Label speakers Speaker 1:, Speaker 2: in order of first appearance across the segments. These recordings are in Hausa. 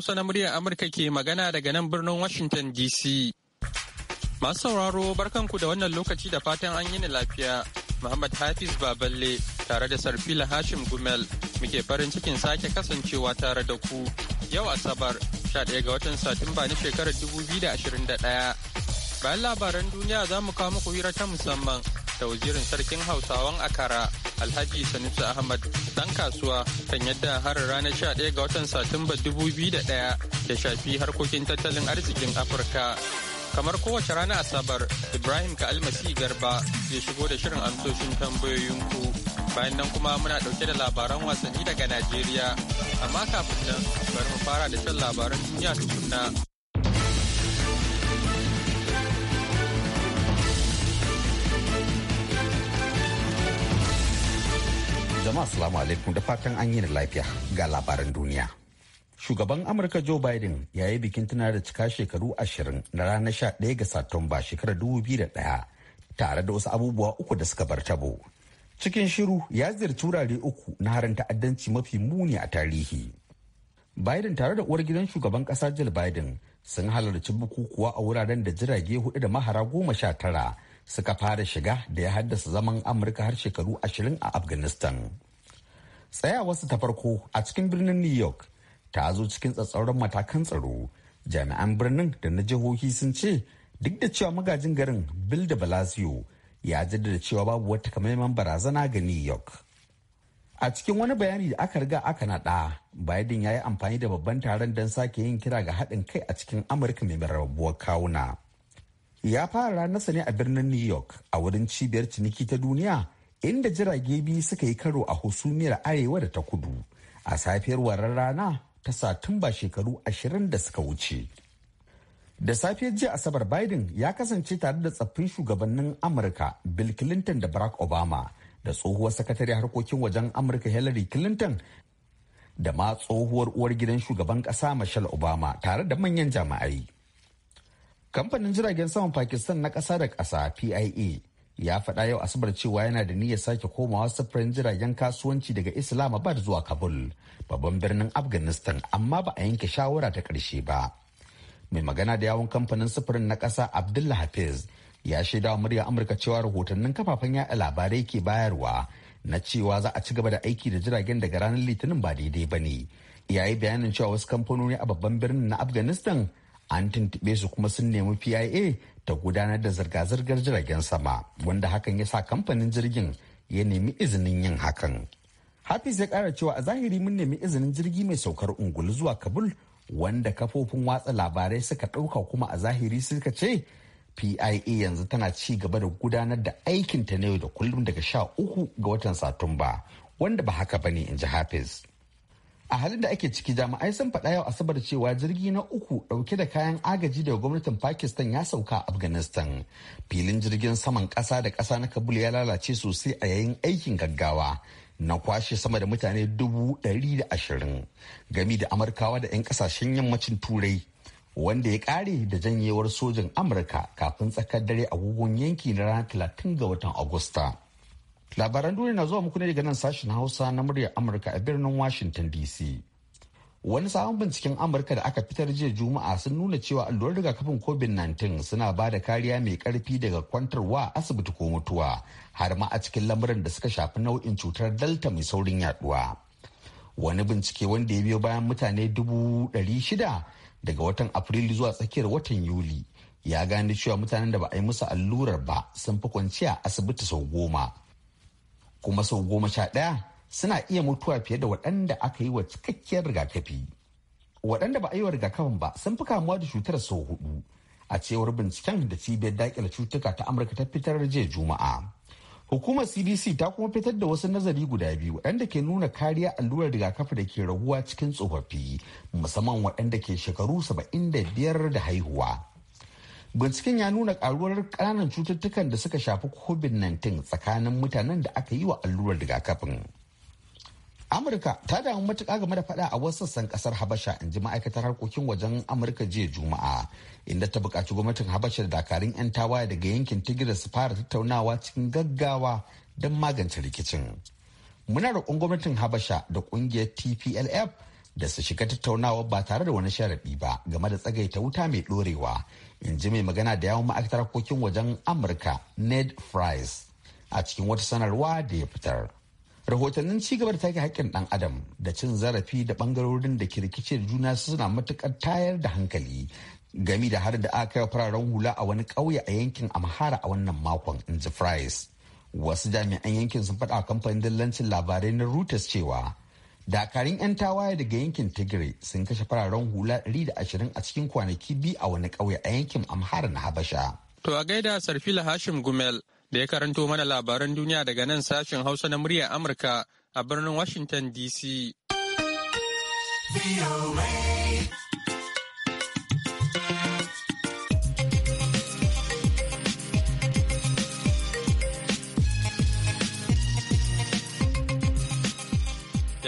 Speaker 1: Hausa na muryar Amurka ke magana daga nan birnin Washington DC. Masu sauraro barkanku da wannan lokaci da fatan an yi ni lafiya. Muhammad Hafiz Baballe tare da Sarfila Hashim Gumel muke farin cikin sake kasancewa tare da ku yau Asabar 11 ga watan Satumba na shekarar 2021. Bayan labaran duniya za mu kawo muku hira ta musamman da wazirin sarkin hausawan akara alhaji sanusi ahmad dan kasuwa kan yadda harin ranar 11 ga watan satumba 2001 ya shafi harkokin tattalin arzikin afirka kamar kowace rana asabar ibrahim ka almasi garba ya shigo da shirin amsoshin tambayoyinku bayan nan kuma muna dauke da labaran wasanni daga najeriya amma kafin nan bari mu fara da shan labaran duniya tukunna
Speaker 2: Jama'a salamu alaikum da fatan an yi lafiya ga labaran duniya. Shugaban Amurka Joe Biden ya yi bikin tuna da cika shekaru ashirin na ranar sha ɗaya ga Satumba shekarar dubu biyu da ɗaya tare da wasu abubuwa uku da suka bar tabo. Cikin shiru ya ziyarci wurare uku na harin ta'addanci mafi muni a tarihi. Biden tare da uwar gidan shugaban ƙasa Jill Biden sun halarci bukukuwa a wuraren da jirage hudu da mahara goma sha tara suka fara shiga da ya haddasa zaman amurka har shekaru ashirin a afghanistan tsayawarsu ta farko a cikin birnin new york ta zo cikin tsatsauran matakan tsaro jami'an birnin da na jihohi sun ce duk da cewa magajin garin bill da balasio ya jaddada cewa babu wata kamaiman barazana ga new york a cikin wani bayani da aka riga aka naɗa biden ya yi amfani da babban taron don sake yin kira ga haɗin kai a cikin amurka mai rabuwar kawuna ya fara ranarsa ne a birnin new york a wurin cibiyar ciniki ta duniya inda jirage biyu suka yi karo a husumiyar arewa da ta kudu a safiyar warar rana ta satumba shekaru ashirin da suka wuce da safiyar jiya asabar biden ya kasance tare da tsaffin shugabannin amurka bill clinton da barack obama da tsohuwar sakatare harkokin wajen amurka hillary clinton da ma tsohuwar uwar gidan shugaban kasa michelle obama tare da manyan jama'ai. kamfanin jiragen saman pakistan na ƙasa da ƙasa pia ya faɗa yau asabar cewa yana da niyyar sake komawa sufurin jiragen kasuwanci daga islamabad zuwa kabul babban birnin afghanistan amma ba a yanke shawara ta ƙarshe ba mai magana da yawon kamfanin sufurin na ƙasa abdullah hafiz ya shaidawa murya amurka cewa rahotannin kafafen yaɗa labarai ke bayarwa na cewa za a ci gaba da aiki da jiragen daga ranar litinin ba daidai ba ne yayi bayanin cewa wasu kamfanoni a babban birnin na afghanistan an tuntube su kuma sun nemi pia ta gudanar da zirga-zirgar jiragen sama wanda hakan ya sa kamfanin jirgin ya nemi izinin yin hakan hafiz ya kara cewa a zahiri mun nemi izinin jirgi mai saukar ungul zuwa kabul wanda kafofin watsa labarai suka ɗauka kuma a zahiri suka ce pia yanzu tana ci gaba da gudanar da aikinta na yau da kullum daga sha uku ga watan satumba wanda ba haka bane in ji hafiz a halin da ake ciki jami'ai sun faɗa yau asabar cewa jirgi na uku ɗauke da kayan agaji daga gwamnatin pakistan ya sauka a afghanistan filin jirgin saman ƙasa da ƙasa na kabul ya lalace sosai a yayin aikin gaggawa na kwashe sama da mutane dubu ɗari da ashirin gami da amurkawa da 'yan ƙasashen yammacin turai wanda ya ƙare da janyewar sojin amurka kafin tsakar dare agogon yanki na ranar 30 ga watan agusta. Labaran duniya na zuwa muku ne daga nan sashen Hausa na muryar Amurka a birnin Washington DC. Wani sabon binciken Amurka da aka fitar jiya Juma'a sun nuna cewa allurar rigakafin COVID-19 suna ba da kariya mai karfi daga kwantarwa asibiti ko mutuwa har ma a cikin lamuran da suka shafi nau'in cutar Delta mai saurin yaduwa. Wani bincike wanda ya biyo bayan mutane dubu ɗari shida daga watan Afrilu zuwa tsakiyar watan Yuli ya gane cewa mutanen da ba a yi musu allurar ba sun fi kwanciya asibiti sau goma. kuma sau goma sha ɗaya suna iya mutuwa fiye da waɗanda aka yi wa cikakkiyar rigakafi waɗanda ba a yi wa rigakafin ba sun fi kamuwa da cutar sau hudu a cewar binciken da cibiyar daƙila cutuka ta amurka ta fitar jiya juma'a hukumar cdc ta kuma fitar da wasu nazari guda biyu waɗanda ke nuna kariya allurar rigakafi da ke raguwa cikin tsofaffi musamman waɗanda ke shekaru da biyar da haihuwa binciken ya nuna karuwar kananan cututtukan da suka shafi covid-19 tsakanin mutanen da aka yi wa allurar rigakafin amurka ta damu matuƙa game da fada a wasu sassan ƙasar habasha in ji ma'aikatar harkokin wajen amurka jiya juma'a inda ta buƙaci gwamnatin habasha da dakarun 'yan tawaye daga yankin tigira su fara tattaunawa cikin gaggawa don magance rikicin muna roƙon gwamnatin habasha da ƙungiyar tplf da su shiga tattaunawa ba tare da wani sharaɗi ba game da tsagaita wuta mai ɗorewa in ji mai magana da yawon ma'aikatar harkokin wajen amurka ned fries a cikin wata sanarwa da ya fitar rahotannin gaba da take haƙƙin ɗan adam da cin zarafi da ɓangarorin da ke rikice da juna suna matuƙar tayar da hankali gami da har da aka yi fararen hula a wani ƙauye a yankin amhara a wannan makon in ji fries wasu jami'an yankin sun faɗa kamfanin dillancin labarai na reuters cewa dakarun 'yan tawaye daga yankin tigray sun kashe fararen hula 120 a cikin kwanaki biyu a wani ƙauye a yankin amhara na habasha
Speaker 1: to a gaida sarfila hashim gumel da ya karanto mana labaran duniya daga nan sashen hausa na muryar amurka a birnin washington dc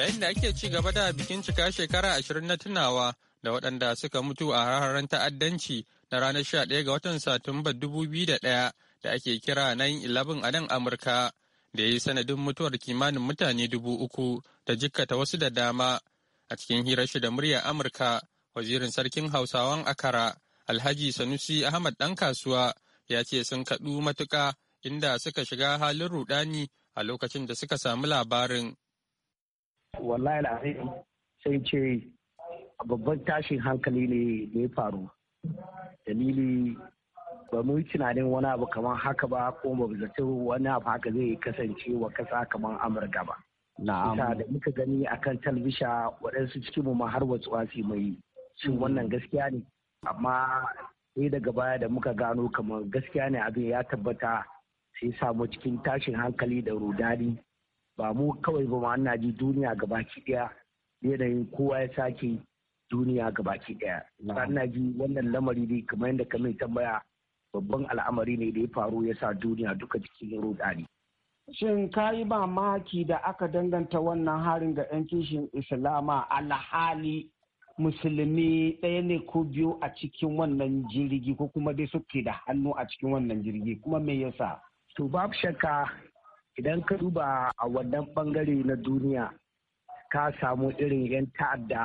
Speaker 1: yayin da ake ci gaba da bikin cika shekara ashirin na tunawa da waɗanda suka mutu a hararen ta'addanci na ranar sha-ɗaya ga watan Satumba biyu da ɗaya da ake kira Nan ilabin a nan Amurka da ya yi sanadin mutuwar kimanin mutane dubu uku da jikkata wasu da dama a cikin hirar shi da murya Amurka wazirin sarkin Hausawan Akara Alhaji Sanusi Ahmad ɗan kasuwa ya ce sun kaɗu matuka inda suka shiga halin rudani a lokacin da suka samu labarin
Speaker 3: wallahi al'azim sai ce babban tashin hankali ne da ya faru dalili ba mu yi tunanin wani abu kamar haka ba ko ba zato wani abu haka zai kasance wa kasa kamar amurka ba na'am da muka gani akan talbisha waɗansu cikin mu har wasu su mai shin wannan gaskiya ne amma sai daga baya da muka gano kamar gaskiya ne abin ya tabbata sai samu cikin tashin hankali da rudani ba mu kawai ba ma na ji duniya gabaki daya yanayin kowa ya sake duniya gabaki daya na ji wannan lamari ne kamar yadda ka mai tambaya babban al'amari ne da ya faru ya sa duniya duka cikin rudani shin ka yi mamaki da aka danganta wannan harin ga 'yan kishin islama alhali musulmi ɗaya ne ko biyu a cikin wannan jirgi ko kuma dai suke da hannu a cikin wannan jirgi kuma me yasa to babu shakka idan ka duba a wannan bangare na duniya ka samu irin 'yan ta'adda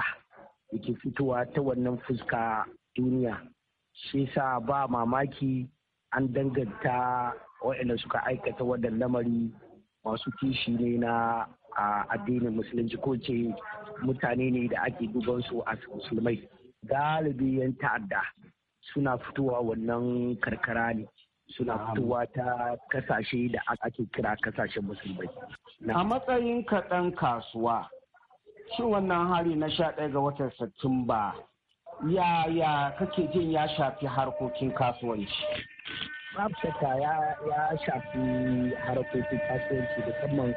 Speaker 3: da ke fitowa ta wannan fuska duniya shi sa ba mamaki an danganta waɗanda suka aikata wannan lamari masu kishi ne na addinin musulunci ko ce mutane ne da ake duban su a musulmai galibi 'yan ta'adda suna fitowa wannan karkara ne suna fitowa ta kasashe da ake kira kasashen musulmai. A matsayin kaɗan kasuwa, shi wannan hari na sha ɗaya ga watan Satumba yaya kake jin ya shafi harkokin kasuwanci? Babu ya shafi harkokin kasuwanci musamman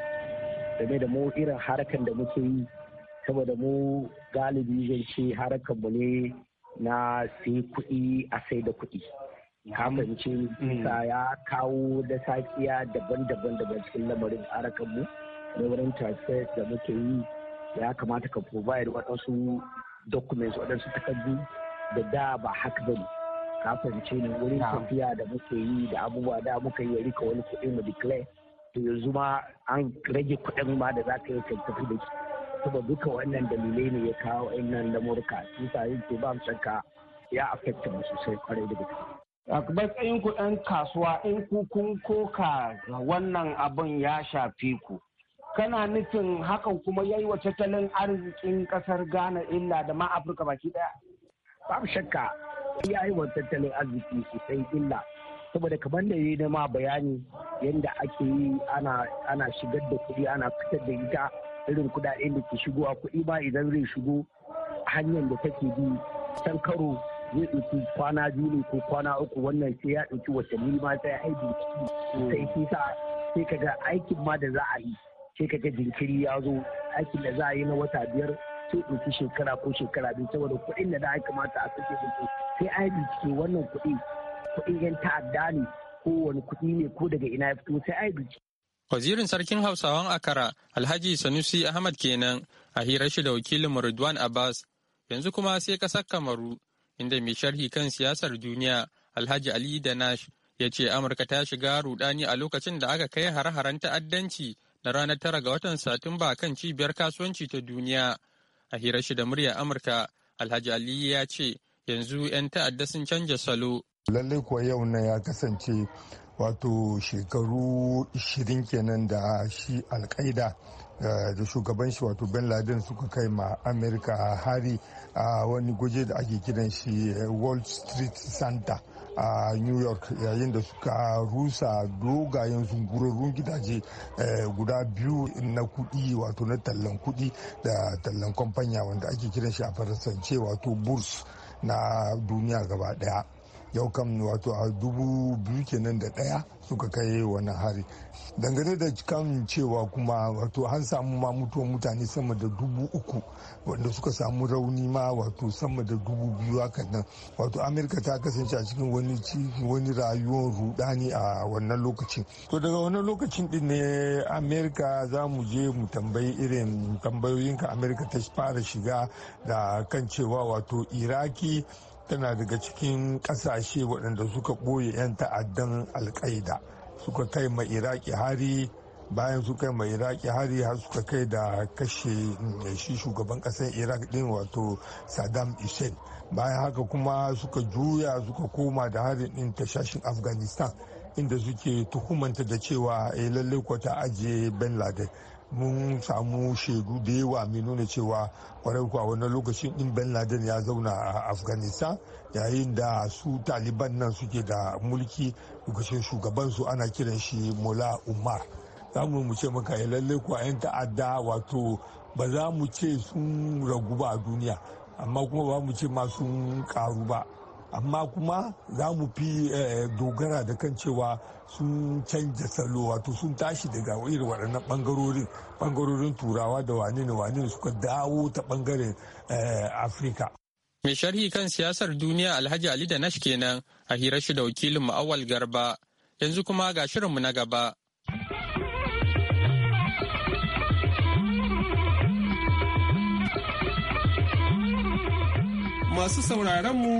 Speaker 3: game da mu irin harkan da muke yi saboda mu galibi zan ce harkan mu ne na sai kuɗi a sai da kuɗi. kamance mm. sa ya kawo da sakiya daban-daban daga cikin lamarin harakan mu na wurin transfer da muke yi ya kamata ka provide waɗansu documents waɗansu takardu da da ba haka bane kasance ne wurin tafiya da muke yi da abubuwa da muka yi rika wani kuɗi mu declare to yanzu ma an rage kuɗin ma da za ka yi tafi da shi saboda duka wannan dalilai ne ya kawo wannan lamurka shi sa yake ba mu shakka ya affecta mu sosai kwarai da gaske a matsayin ku kasuwa in ku kun koka wannan abin ya shafi ku kana nufin hakan kuma yayi wa tattalin arzikin kasar ghana illa da ma afirka baki daya babu shakka ya yi wa tattalin arziki sosai illa saboda kamar da yi ma bayani yadda ake yi ana shigar da kuɗi ana fitar da ita irin kuɗaɗen da ke shigowa kuɗi ba idan zai shigo hanyar da take bi san karo zai ɗauki kwana biyu ne ko kwana uku wannan sai ya ɗauki watanni ma sai ai yi sai shi sa sai kaga aikin ma da za a yi sai kaga jinkiri ya zo aikin da za a yi na wata biyar sai ɗauki shekara ko shekara biyu saboda kuɗin da za a kamata a kashe su sai ai ke wannan kuɗi kuɗin yan ta'adda ne ko wani kuɗi ne ko daga ina ya fito sai yi
Speaker 1: Wazirin Sarkin Hausawan Akara Alhaji Sanusi Ahmad kenan a hirar shi da wakilin Ridwan Abbas yanzu kuma sai kasar Kamaru inda mai sharhi kan siyasar duniya Alhaji Ali Danash ya ce Amurka ta shiga rudani a lokacin da aka kai har-haren ta'addanci na ranar tara ga watan Satumba kan cibiyar kasuwanci ta duniya. A hirar shi da muryar Amurka, Alhaji Ali ya ce yanzu 'yan ta'adda sun canja salo.
Speaker 4: Lallai kuwa yau na ya kasance wato shekaru 20 kenan da shi alkaida eh, da shugabanshi wato bin laden suka kai ma amerika hari a wani guje da ake kiran shi eh, wall street center a new york yayin da suka rusa dogayen zungurarrun gidaje eh, guda biyu na kudi wato na tallan kudi da tallan kwamfanya wanda ake kiran shi a faransance wato burs na duniya gaba daya yau kam wato a dubu biyu kenan da ɗaya suka kai wani hari dangane da kan cewa kuma wato an samu ma mutuwan mutane sama da dubu uku wanda suka samu rauni ma wato sama da dubu biyu hakan nan wato amurka ta kasance a cikin wani wani rayuwar rudani a wannan lokacin to daga wannan lokacin din ne amurka za mu je mu tambayi irin tambayoyinka amurka ta fara shiga da kan cewa wato iraki tana daga cikin kasashe waɗanda suka ɓoye 'yan ta'addan alƙaida suka kai ma iraki hari bayan suka kai ma iraki hari har suka kai da kashe eh, shi shugaban ƙasar iraq din wato saddam hussein bayan haka kuma suka juya suka koma da harin din tashashin afghanistan inda suke tuhumanta da cewa a eh, lalle ta ajiye bin laden mun samu shaidu da yawa mai nuna cewa kwarai kuwa wannan lokacin din bin laden ya zauna a afghanistan yayin da su taliban nan suke da mulki lokacin shugabansu ana kiran shi mola umar za mu ce maka ya eh, lallai kuwa 'yan ta'adda wato ba za mu ce sun ragu ba a duniya amma kuma ba mu ce ma sun karu ba amma kuma za mu fi eh, dogara da kan cewa sun canja salo wato sun tashi daga irin waɗannan ɓangarorin ɓangarorin turawa da wane ne wane suka dawo ta ɓangaren eh, afirka
Speaker 1: mai sharhi kan siyasar duniya alhaji ali da nash kenan a hirar shi da wakilin ma'awal garba yanzu kuma ga shirinmu na gaba
Speaker 5: Masu sauraron mu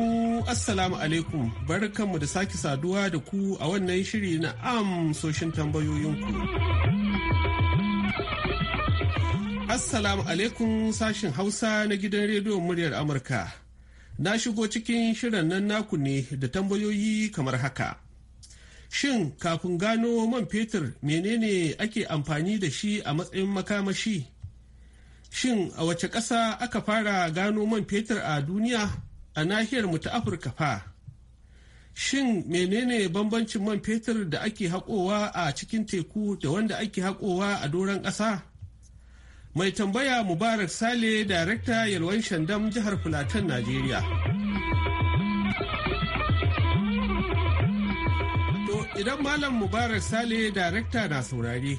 Speaker 5: Assalamu alaikum barkanmu da sake saduwa da ku a wannan shiri na amsoshin tambayoyinku. Assalamu alaikum sashin Hausa na gidan rediyon muryar Amurka. Na shigo cikin shirin nan naku ne da tambayoyi kamar haka. Shin kafin gano man fetur menene ake amfani da shi a matsayin makamashi? Shin a wace ƙasa aka fara gano man fetur a duniya a nahiyar mu ta Afirka fa? Shin menene bambancin man fetur da ake haƙowa a cikin teku da wanda ake haƙowa a doron ƙasa? Mai tambaya Mubarak Sale, Darekta Yalwan Shandam Jihar Fulatan, Najeriya. idan Malam Mubarak Sale, Darekta na saurare.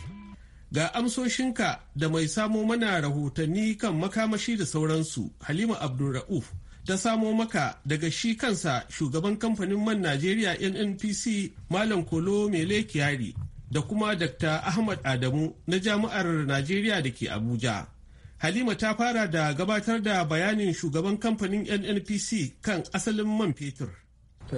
Speaker 5: Ga amsoshinka da mai samo mana rahotanni kan makamashi da sauransu Halima Abdulra'uf ta samo maka daga shi kansa shugaban kamfanin man Najeriya NNPC Malam Kolo Mele Kyari da kuma Dr. Ahmad Adamu na Jami'ar Najeriya da ke Abuja. Halima ta fara da gabatar da bayanin shugaban kamfanin NNPC kan asalin man fetur.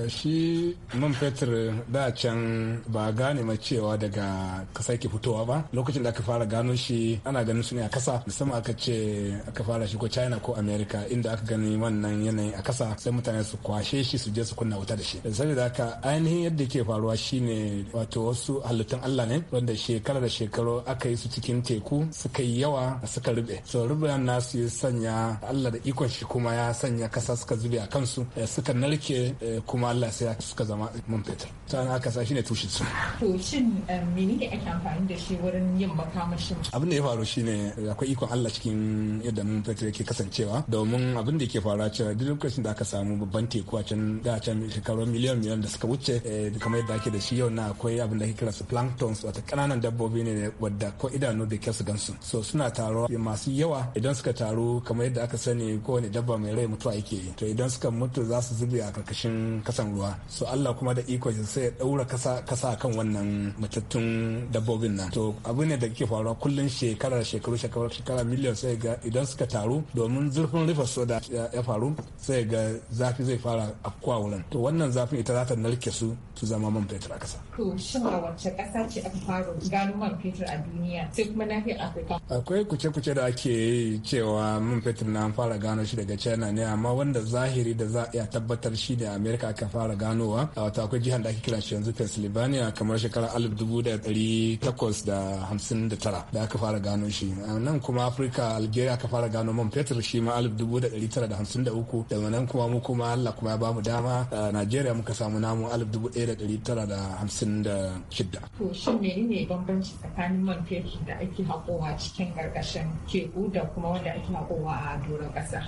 Speaker 5: shi
Speaker 6: man fetur da can ba gane ma cewa daga kasa ke fitowa ba lokacin da aka fara gano shi ana ganin su ne a kasa musamman aka ce aka fara shi ko china ko america inda aka gani wannan yanayin a kasa sai mutane su kwashe shi su je su kunna wuta da shi saboda aka ainihin yadda ke faruwa shine wato wasu halittun allah ne wanda shekara da shekaru aka yi su cikin teku suka yi yawa suka rube so rube nasu ya sanya allah da ikon shi kuma ya sanya kasa suka zube a kansu eh, suka narke eh, kuma kuma Allah sai suka zama man fetur sannan aka sa shi ne tushen su
Speaker 7: to shin eh, mene ake amfani da shi wurin yin makamashin
Speaker 6: abin da ya faru shine akwai ikon Allah cikin yadda man fetur yake kasancewa domin abin da yake faruwa cewa duk lokacin da aka samu babban teku a can da can shekarun miliyan miliyan da suka wuce eh, kamar yadda ake da shi yau na akwai abin da ake kira su planktons wata kananan dabbobi ne wadda ko idanu da kyau su gansu so suna taro masu yawa idan suka taru kamar yadda aka sani kowane dabba mai rai mutuwa yake yi to idan suka mutu za su zube a karkashin kasan ruwa so Allah kuma da iko sai ya daura kasa kasa kan wannan matattun dabbobin nan to abu ne da ke faruwa kullun shekara shekaru shekara shekara miliyan sai ga idan suka taru domin zurfin rufe soda ya faru sai ga zafi zai fara afkuwa wurin to wannan zafin ita za ta narke su su zama man fetur a kasa
Speaker 7: to shin a wace kasa ce aka a duniya sai kuma nahiyar Afirka
Speaker 6: akwai kuce-kuce da ake cewa man fetur na an fara gano shi daga China ne amma wanda zahiri da za a iya tabbatar shi ne Amerika aka fara ganowa a wata akwai jihar da ake kira shi yanzu pennsylvania kamar shekara alif dubu da ɗari takwas da hamsin da tara da aka fara gano shi nan kuma afirka algeria aka fara gano man fetur shi ma alif dubu da ɗari tara da hamsin da uku daga nan kuma mu kuma allah kuma ya bamu dama Nigeria muka samu namu alif dubu ɗaya da ɗari tara da hamsin da shidda.
Speaker 7: to shin menene bambanci tsakanin man fetur da ake haƙowa cikin gargashin teku da kuma wanda ake haƙowa a doron ƙasa.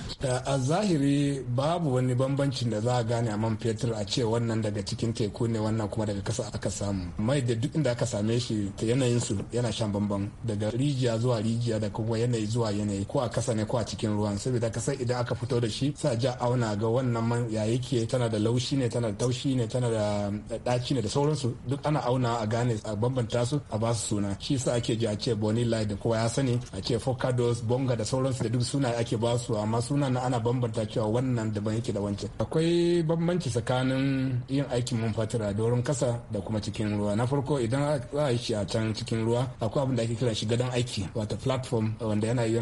Speaker 6: a zahiri babu wani bambancin da za a gane a man fetur fetur a ce wannan daga cikin teku ne wannan kuma daga kasa aka samu mai da duk inda aka same shi yanayin su yana shan bambam daga rijiya zuwa rijiya da kuma yanayi zuwa yanayi ko a kasa ne ko a cikin ruwan saboda kasa idan aka fito da shi sa ja auna ga wannan man ya yake tana da laushi ne tana da taushi ne tana da daci ne da sauransu duk ana auna a gane a bambanta su a ba su suna shi sa ake ji a ce bonilla da kowa ya sani a ce focados bonga da sauransu da duk suna ake ba su amma sunan ana bambanta cewa wannan daban yake da wancan akwai bambanci tsakanin yin aikin mun fetur doron kasa da kuma cikin ruwa na farko idan za a yi a can cikin ruwa akwai abin da ake kira shi gadon aiki wato platform wanda yana yi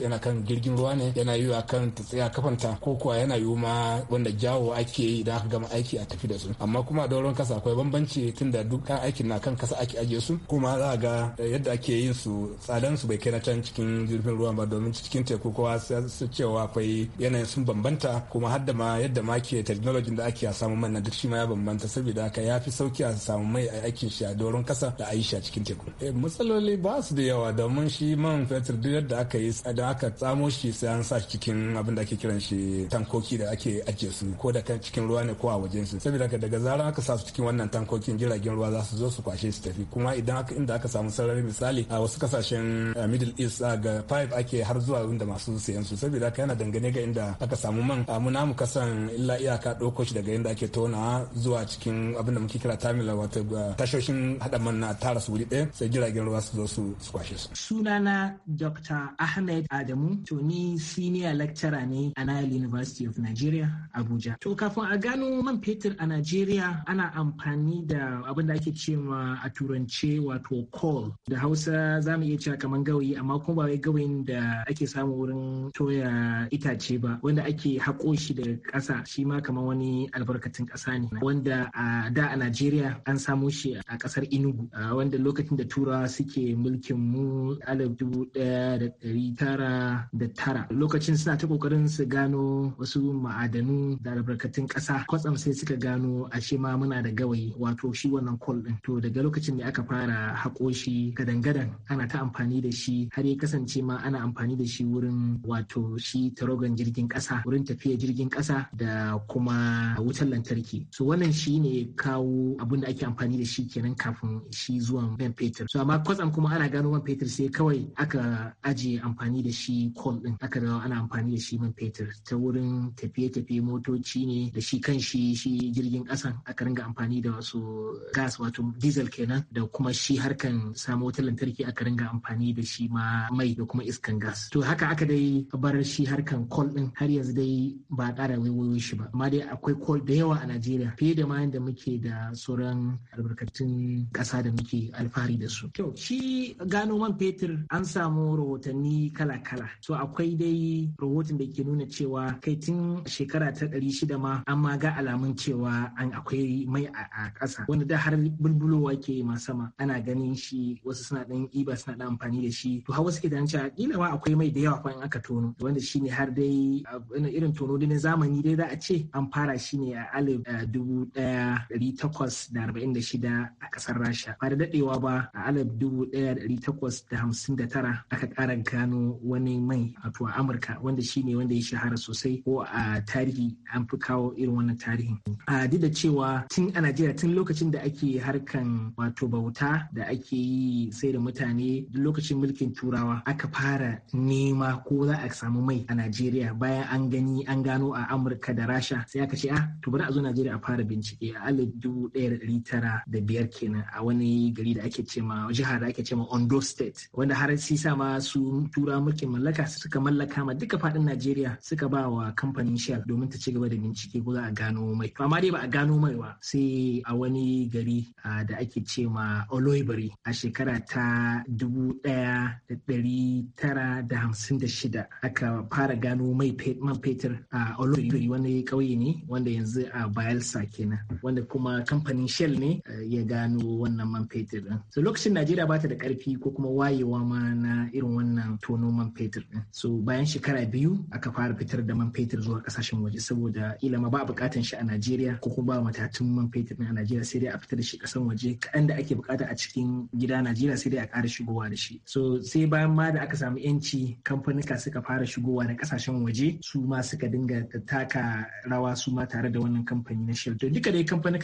Speaker 6: yana kan jirgin ruwa ne yana yi kan tsaya kafanta ko kuwa yana yi ma wanda jawo ake yi idan aka gama aiki a tafi da su amma kuma a doron kasa akwai bambanci tun da duk aikin na kan kasa ake ajiye su kuma za a ga yadda ake yin su tsadan su bai kai na can cikin jirgin ruwa ba domin cikin teku kowa su cewa akwai yanayin sun bambanta kuma har da ma yadda ma ke technology da taki a samu man duk shi ma ya bambanta saboda haka ya fi sauki a samu mai a aikin shi a doron kasa da a yi shi a cikin teku eh, matsaloli ba su da yawa domin shi man fetur duk yadda aka yi da aka tsamo shi sai an sa cikin abin da ake kiran shi tankoki da ake ajiye su ko da kan cikin ruwa ne ko a wajen su saboda haka daga zarar aka sa su cikin wannan tankokin jiragen ruwa za su zo su kwashe su tafi kuma idan aka inda aka samu sarari misali a wasu kasashen eh, middle east ga pipe ake har zuwa inda masu sayan su saboda haka yana dangane ga inda aka samu man a mu namu kasan illa iyaka ɗauko shi daga inda ake tona zuwa cikin abin da muke kira tamila wata uh, tashoshin hada man na tara su wuri ɗaya sai jiragen ruwa su zo su
Speaker 7: kwashe su. Sunana Dr. Ahmed Adamu to ni senior lecturer ne a Nile University of Nigeria Abuja. To kafin a gano man fetur a Nigeria ana amfani da abin da ake cewa a turance wato coal da Hausa za mu iya cewa kamar gawayi amma kuma ba wai gawayin da ake samu wurin toya itace ba wanda ake haƙo shi daga ƙasa shi ma kamar wani albarkatun ƙasa ne wanda a da a Najeriya an samo shi a ƙasar Enugu wanda lokacin da Turawa suke mulkin mu alif dubu ɗaya da ɗari tara da tara lokacin suna ta kokarin su gano wasu ma'adanu da albarkatun ƙasa kwatsam sai suka gano ashe ma muna da gawayi wato shi wannan kol ɗin to daga lokacin da aka fara haƙo shi gadan-gadan ana ta amfani da shi har ya kasance ma ana amfani da shi wurin wato shi tarogan jirgin ƙasa wurin tafiya jirgin ƙasa da kuma wutar lantarki so wannan shi ne kawo abin da ake amfani da shi kenan kafin shi zuwan man fetur so amma kwatsam kuma ana gano man fetur sai kawai aka ajiye amfani da shi kol din aka dawo ana amfani da shi man fetur ta wurin tafiye-tafiye motoci ne da shi kan shi shi jirgin kasan aka ringa amfani da wasu gas wato diesel kenan da kuma shi harkan samun wutar lantarki aka ringa amfani da shi ma mai da kuma iskan gas to haka aka dai bar shi harkan kol din har yanzu dai ba a ƙara waiwayo shi ba amma dai akwai kol. da yawa a Najeriya fiye da ma yadda muke da sauran albarkatun ƙasa da muke alfahari da su. Kyau, shi gano man fetur an samu rahotanni kala-kala. So akwai dai rahoton da ke nuna cewa kai tun shekara ta ɗari shida ma an ma ga alamun cewa an akwai mai a ƙasa wanda da har bulbulowa ke ma sama ana ganin shi wasu suna ɗan iba suna ɗan amfani da shi. To hawa suke da cewa ƙila ma akwai mai da yawa kuma in aka tono wanda shi ne har dai irin tono na zamani dai za a ce an fara shi shine a alif eh, dubu ɗaya takwas da arba'in da shida a ƙasar rasha ba da daɗewa ba a alif dubu ɗaya takwas da hamsin da tara aka ƙara gano wani mai wato a amurka wanda shine wanda ya shahara sosai ko a tarihi an fi kawo irin wannan tarihin a duk da cewa tun a najeriya tun lokacin da ake harkan wato bauta da ake yi sai da mutane duk lokacin mulkin turawa aka fara nema ko za a samu mai a najeriya bayan an gani an gano a amurka da rasha sai aka ce ah Tubara to bari a zo Najeriya a fara bincike a alif dubu ɗaya da ɗari tara da biyar kenan a wani gari da ake cema jihar da ake cema Ondo State wanda har sai sa ma su tura mulkin mallaka suka mallaka ma duka faɗin Najeriya suka ba wa kamfanin Shell domin ta ci gaba da bincike ko za a gano mai amma dai ba a gano mai ba sai a wani gari da ake cema Oloibiri a shekara ta dubu ɗaya da ɗari tara da hamsin da shida aka fara gano mai man fetur a Oloibiri wani ƙauye ne wanda yanzu a Bayelsa kenan wanda kuma kamfanin Shell ne eh, ya gano wannan man fetur din. So lokacin Najeriya bata da karfi ko kuma wayewa ma na irin wannan tono man fetur din. So bayan shekara biyu aka fara fitar da man fetur zuwa kasashen waje saboda ila ma ba a bukatan shi a Najeriya ko kuma ba matatun man fetur din a Najeriya sai dai a fitar da shi kasan waje kaɗan da ake bukata a cikin gida Najeriya sai dai a ƙara shigowa da shi. So sai bayan ma da aka samu yanci kamfanika suka fara shigowa da kasashen waje su ma suka dinga taka rawa su ma tare tare da wannan kamfani na shell to duka dai kamfanin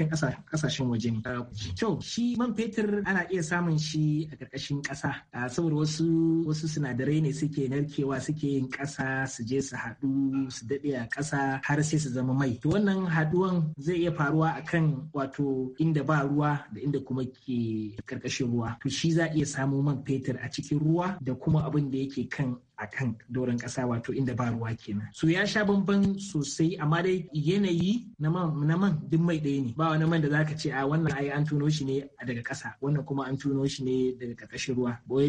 Speaker 7: kasashen waje ne ah, to shi man fetur ana iya samun shi a ƙarƙashin ƙasa ah, saboda wasu wasu sinadarai ne suke narkewa suke yin ƙasa su je su haɗu su daɗe a ƙasa har sai su zama mai to wannan haɗuwan zai iya faruwa akan wato inda ba ruwa da inda kuma ke ƙarƙashin ruwa to shi za a iya samo man fetur a cikin ruwa da kuma abin da yake kan a kan doron ƙasa wato inda ba ruwa kenan su ya sha bamban sosai amma dai yanayi na man duk mai ɗaya ne ba wani man da zaka ce a wannan ai an tuno shi ne daga ƙasa wannan kuma an tuno shi ne daga ƙarƙashin ruwa ba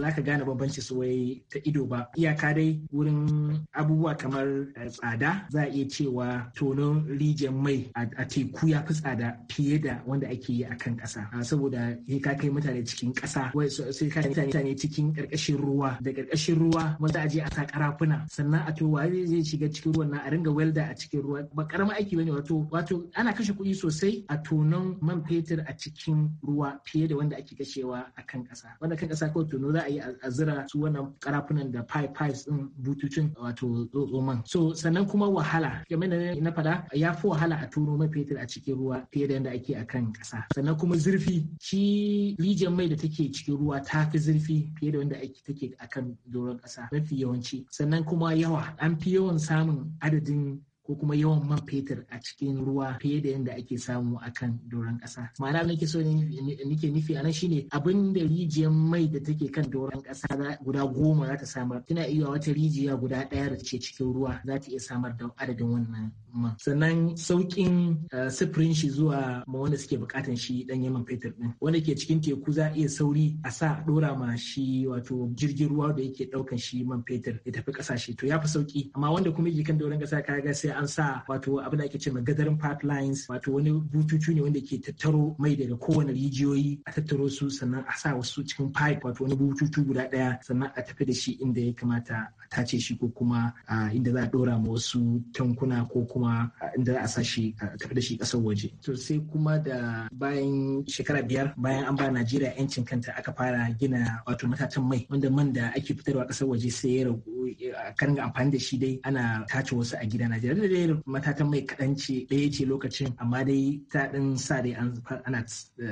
Speaker 7: za ka gane bambanci su wai ta ido ba iyaka dai wurin abubuwa kamar eh, tsada za a iya cewa tonon rijiyar mai a teku ya fi tsada fiye da wanda ake yi a kan ƙasa ah, saboda ka kai mutane cikin ƙasa sai ka mutane cikin ƙarƙashin ruwa da ƙarƙashin ruwa ruwa wanda aje je a sa karafuna sannan a to waye zai shiga cikin ruwan na a ringa welda a cikin ruwa ba karamin aiki bane wato wato ana kashe kuɗi sosai a tonon man fetur a cikin ruwa fiye da wanda ake kashewa a kan ƙasa wanda kan ƙasa kawai tono za a yi a zira su wannan karafunan da pipe pipes din bututun wato tsotsoman so sannan kuma wahala game da na fada ya fi wahala a tono man fetur a cikin ruwa fiye da yadda ake a kan ƙasa sannan kuma zurfi shi rijiyar mai da take cikin ruwa ta fi zurfi fiye da wanda ake take a kan doron ƙasa ƙasa mafi yawanci sannan kuma yawa an fi yawan samun adadin ko kuma yawan man fetur a cikin ruwa fiye da yadda ake samu akan doron ƙasa. Ma'ana nake so ke nufi anan shine abin da rijiyar mai da take kan doron ƙasa guda goma za ta samar tana iya wata rijiya guda ɗaya da ce cikin ruwa za ta iya samar da adadin wannan man. Sannan sauƙin eh, sifirin shi zuwa ma wanda suke buƙatan shi ɗan yaman fetur din. wanda ke cikin teku za a iya sauri a sa dorama ɗora ma shi wato jirgin ruwa da yake ɗaukan shi man fetur ya tafi ƙasashe to ya fi sauƙi amma wanda kuma yake kan doron ƙasa kaga sai an sa wato abin da ake ce gadarin pipelines wato wani bututu ne wanda ke tattaro mai daga kowane rijiyoyi a tattaro su sannan a sa wasu cikin pipe wato wani bututu guda daya sannan a tafi da shi inda ya kamata tace shi ko kuma inda za a dora ma wasu tankuna ko kuma inda za a sa shi a tafi da shi kasar waje to sai kuma da bayan shekara biyar bayan an ba najeriya yancin kanta aka fara gina wato matatan mai wanda man da ake fitarwa kasar waje sai ya ragu a ga amfani da shi dai ana tace wasu a gida najeriya da dai matatan mai kaɗan ce ɗaya ce lokacin amma dai ta ɗin sa dai ana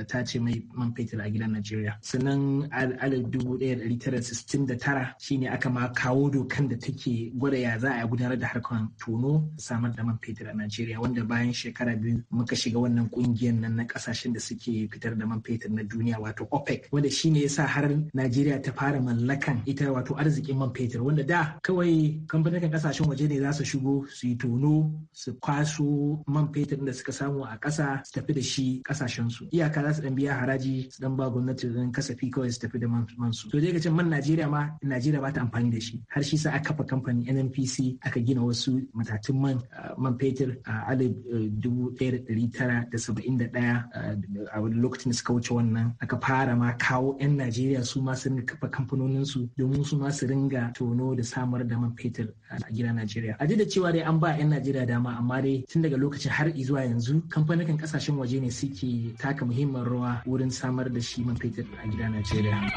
Speaker 7: tace mai man fetur a gidan najeriya sannan alal dubu ɗaya da tara shine aka ma kawo do. kan da take gwada ya za a gudanar da harkar tono samar da man fetur a Najeriya wanda bayan shekara biyu muka shiga wannan kungiyar nan na kasashen da suke fitar da man fetur na duniya wato OPEC wanda shine yasa har Najeriya ta fara mallakan ita wato arzikin man fetur wanda da kawai kamfanin kasashen waje ne za su shigo su yi tono su kwaso man fetur da suka samu a kasa su tafi da shi kasashen su iyaka za su dan biya haraji su dan ba gwamnati don kasafi kawai su tafi da man su to dai ka ce man Najeriya ma Najeriya ba ta amfani da shi har shi nisa aka kafa kamfanin nnpc aka gina wasu matatun man ah, man fetur a alif eh, dubu ɗaya da ɗari tara da saba'in da ɗaya ah, a lokacin da suka wuce wannan aka fara ma kawo 'yan najeriya su ma su kafa kamfanoninsu domin su ma su ringa tono da samar da man fetur ah, a gida najeriya a da cewa dai an ba 'yan najeriya dama amma dai tun daga lokacin har zuwa yanzu kamfanin kasashen waje ne suke taka muhimmin rawa wurin samar da shi man fetur a gida najeriya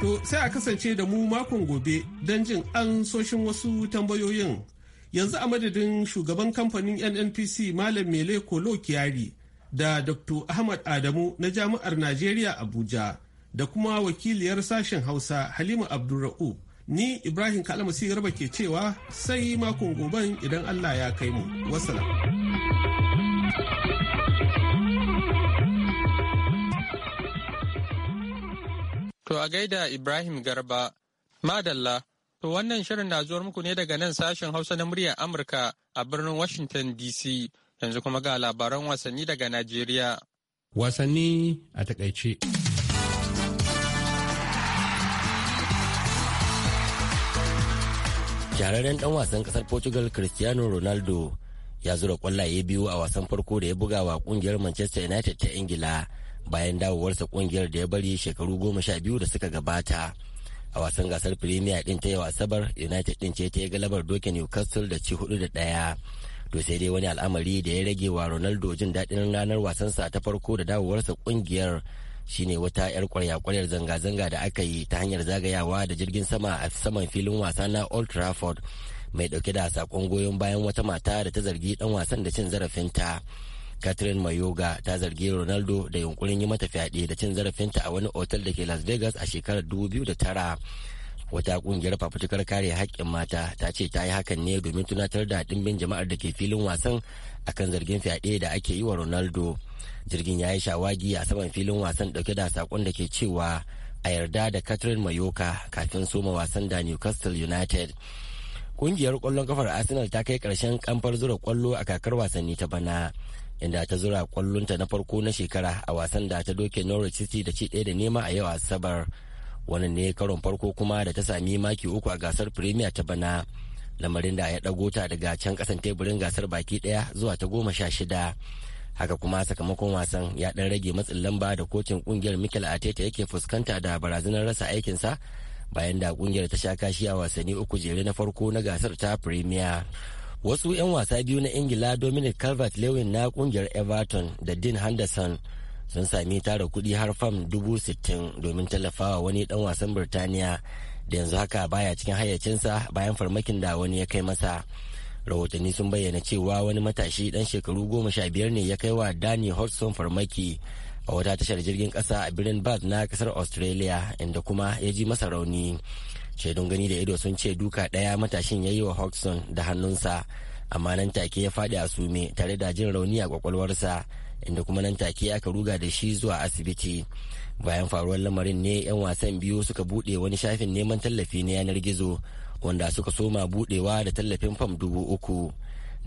Speaker 5: To sai a kasance da mu makon gobe don jin an soshin wasu tambayoyin. Yanzu a madadin shugaban kamfanin NNPC Malam Mele Kolo Kiyari da Dr. Ahmad Adamu na Jami'ar Najeriya Abuja da kuma wakiliyar sashen Hausa Halima Abdurra'u. Ni Ibrahim Kalamasi Garba ke cewa sai makon goben idan Allah ya kai mu. Wasalam.
Speaker 1: To a gaida Ibrahim Garba, Madalla, to wannan shirin na zuwar muku ne daga nan sashen Hausa na muryar Amurka a birnin Washington DC, yanzu kuma ga labaran wasanni daga Najeriya. Wasanni a takaice.
Speaker 8: Shahararren ɗan wasan ƙasar Portugal Cristiano Ronaldo ya zura ƙwallaye biyu a wasan farko da ya buga wa ƙungiyar Manchester United ta Ingila. bayan dawowarsa kungiyar da ya bari shekaru goma sha biyu da suka gabata a wasan gasar premier din ta yau asabar united din ce ta yi galabar doke newcastle da ci hudu da daya to sai dai wani al'amari da ya rage wa ronaldo jin daɗin ranar wasansa ta farko da dawowarsa kungiyar shine wata 'yar kwarya-kwaryar zanga-zanga da aka yi ta hanyar zagayawa da jirgin sama a saman filin wasa na old trafford mai dauke da sakon goyon bayan wata mata da ta zargi dan wasan da cin zarafinta. ta catherine mayoga ta zargi ronaldo da yunkurin yi mata fyaɗe da cin zarafinta a wani otal da ke las vegas a shekarar 2009 wata kungiyar fafutukar kare haƙƙin mata ta ce ta yi hakan ne domin tunatar da ɗimbin jama'ar da ke filin wasan akan zargin fyaɗe da ake yi wa ronaldo jirgin ya yi shawagi a saman filin wasan ɗauke da saƙon da ke cewa a yarda da katrin mayoka kafin soma wasan da newcastle united ƙungiyar ƙwallon kafar arsenal ta kai ƙarshen kamfar zura ƙwallo a kakar wasanni ta bana inda ta zura kwallonta na farko na shekara a wasan da ta doke norwich city da ci ɗaya da nema a yau asabar wannan ne karon farko kuma da ta sami maki uku a gasar premier ta bana lamarin da ya ɗago ta daga can kasan teburin gasar baki ɗaya zuwa ta goma sha shida haka kuma sakamakon wasan ya ɗan rage matsin lamba da kocin kungiyar mikel ateta yake fuskanta da barazanar rasa aikinsa bayan da ƙungiyar ta sha kashi a wasanni uku jere na farko na gasar ta premier wasu 'yan wasa biyu na ingila dominic calvert lewin na kungiyar everton da dean henderson sun sami tara kudi har fam dubu sittin domin tallafawa wani dan wasan birtaniya da yanzu haka baya cikin hayyacinsa bayan farmakin da wani ya kai masa rahotanni sun bayyana cewa wani matashi dan shekaru goma sha biyar ne ya kai wa danny hudson farmaki a wata tashar jirgin kasa a birnin bath na kasar australia inda kuma ya ji masa rauni shaidun gani da ido sun ce duka ɗaya matashin ya yi wa hodgson da hannunsa amma nan take ya faɗi a sume tare da jin rauni a kwakwalwarsa inda kuma nan take aka ruga da shi zuwa asibiti bayan faruwar lamarin ne 'yan wasan biyu suka buɗe wani shafin neman tallafi na yanar gizo wanda suka soma buɗewa da tallafin fam dubu uku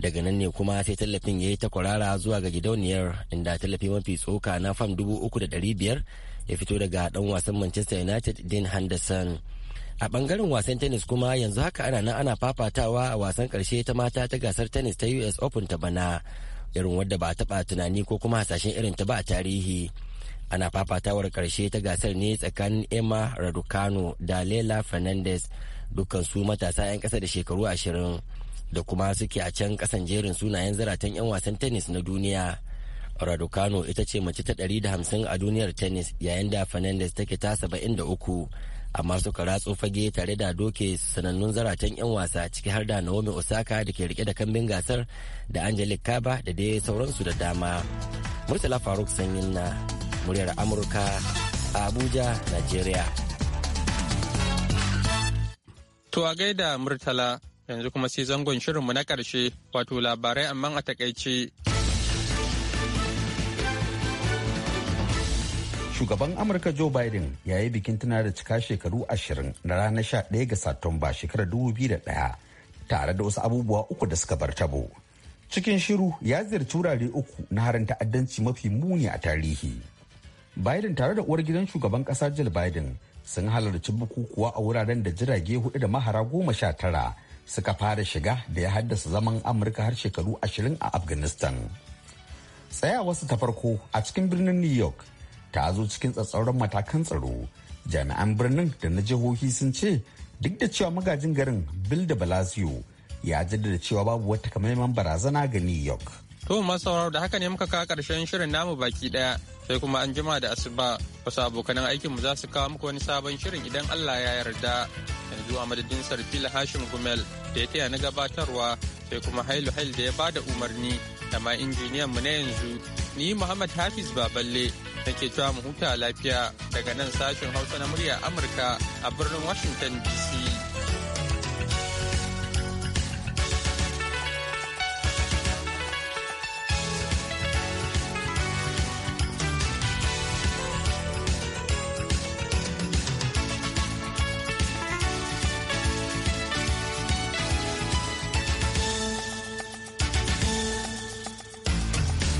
Speaker 8: daga nan ne kuma sai tallafin ya yi ta kwarara zuwa ga gidauniyar inda tallafi mafi tsoka na fam dubu uku da ɗari biyar ya fito daga ɗan wasan manchester united dean henderson a bangaren wasan tennis kuma yanzu haka ana nan ana fafatawa a wasan karshe ta mata ta gasar tennis ta us open ta bana irin wadda ba a taba tunani ko kuma hasashen irin ta ba a tarihi ana fafatawar karshe ta gasar ne tsakanin emma Raducanu da lela fernandez dukkan matasa 'yan kasa da shekaru ashirin da kuma suke a can kasan jerin sunayen zaratan 'yan wasan tennis na duniya raducano ita ce mace ta 150 a duniyar tennis yayin da fernandez take ta 73 amma suka ratso fage tare da doke sanannun zaratan 'yan wasa ciki har da naomi osaka da ke rike da kambin gasar da angelic kaba da dai sauransu da dama murtala faruk sanyin na muryar amurka abuja
Speaker 1: nigeria to a gaida murtala yanzu kuma sai zangon shirinmu na karshe wato labarai amma a takaice
Speaker 2: shugaban amurka joe biden ya yi bikin tuna da cika shekaru ashirin na ranar 11 ga satumba shekarar 2001 tare da wasu abubuwa uku da suka bar tabo cikin shiru ya ziyarci wurare uku na harin ta'addanci mafi muni a tarihi biden tare da uwar gidan shugaban kasa jill biden sun halarci bukukuwa a wuraren da jirage hudu da mahara goma sha tara suka fara shiga da ya haddasa zaman amurka har shekaru ashirin a afghanistan tsayawarsu ta farko a cikin birnin new york ta zo cikin tsatsauran matakan tsaro jami'an birnin da na jihohi sun ce duk da cewa magajin garin bil da balasio ya jaddada cewa babu wata kamaiman barazana ga new york
Speaker 1: to masu sauraro da haka ne muka kawo karshen shirin namu baki daya sai kuma an jima da asuba wasu abokanan aikinmu za su kawo muku wani sabon shirin idan allah ya yarda yanzu a madadin sarfila hashim gumel da ya taya na gabatarwa sai kuma hailu hail da ya bada umarni da ma injiniyan mu na yanzu Ni Muhammad Hafiz Baballe nake cewa mu huta lafiya daga nan sashen Hausa na murya Amurka a birnin Washington DC.